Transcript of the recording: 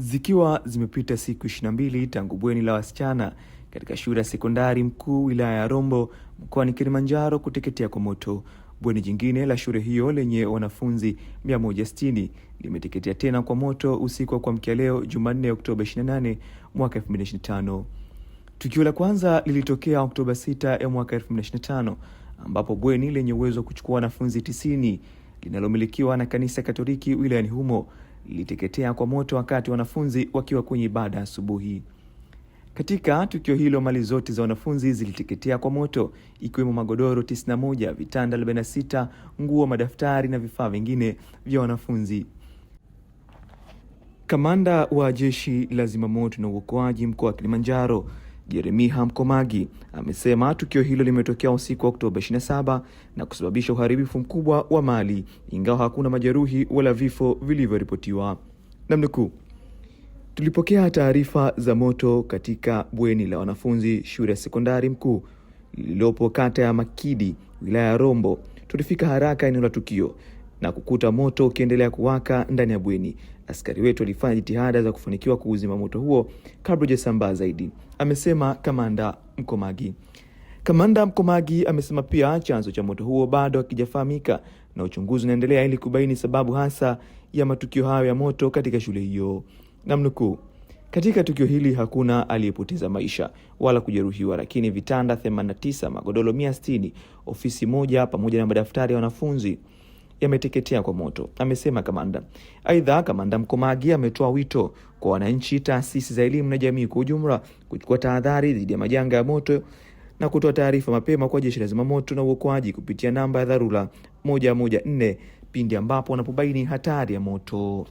Zikiwa zimepita siku 22 tangu bweni la wasichana katika shule ya sekondari Mkuu wilaya ya Rombo mkoani Kilimanjaro kuteketea kwa moto, bweni jingine la shule hiyo lenye wanafunzi 160 limeteketea tena kwa moto usiku wa kuamkia leo Jumanne, Oktoba 28 mwaka 2025. Tukio la kwanza lilitokea Oktoba 6 ya mwaka 2025 ambapo bweni lenye uwezo wa kuchukua wanafunzi 90 linalomilikiwa na Kanisa Katoliki wilayani humo liliteketea kwa moto wakati wanafunzi wakiwa kwenye ibada asubuhi. Katika tukio hilo, mali zote za wanafunzi ziliteketea kwa moto, ikiwemo magodoro 91, vitanda 46, nguo, madaftari na vifaa vingine vya wanafunzi. Kamanda wa Jeshi la Zimamoto na Uokoaji mkoa wa Kilimanjaro Jeremiah Mkomagi amesema tukio hilo limetokea usiku wa Oktoba 27 na kusababisha uharibifu mkubwa wa mali, ingawa hakuna majeruhi wala vifo vilivyoripotiwa. Namnukuu, tulipokea taarifa za moto katika bweni la wanafunzi shule ya sekondari Mkuu lililopo kata ya Makidi wilaya ya Rombo. Tulifika haraka eneo la tukio na kukuta moto ukiendelea kuwaka ndani ya bweni. Askari wetu alifanya jitihada za kufanikiwa kuuzima moto huo kabla hujasambaa zaidi, amesema Kamanda Mkomagi. Kamanda Mkomagi amesema pia chanzo cha moto huo bado hakijafahamika na uchunguzi unaendelea ili kubaini sababu hasa ya matukio hayo ya moto katika shule hiyo. Namnukuu, katika tukio hili hakuna aliyepoteza maisha wala kujeruhiwa, lakini vitanda 89, magodoro 160, ofisi moja pamoja na madaftari ya wanafunzi yameteketea kwa moto, amesema kamanda. Aidha, kamanda Mkomagi ametoa wito kwa wananchi, taasisi za elimu na jamii kwa ujumla kuchukua tahadhari dhidi ya majanga ya moto na kutoa taarifa mapema kwa jeshi la zimamoto na uokoaji kupitia namba ya dharura 114 pindi ambapo wanapobaini hatari ya moto.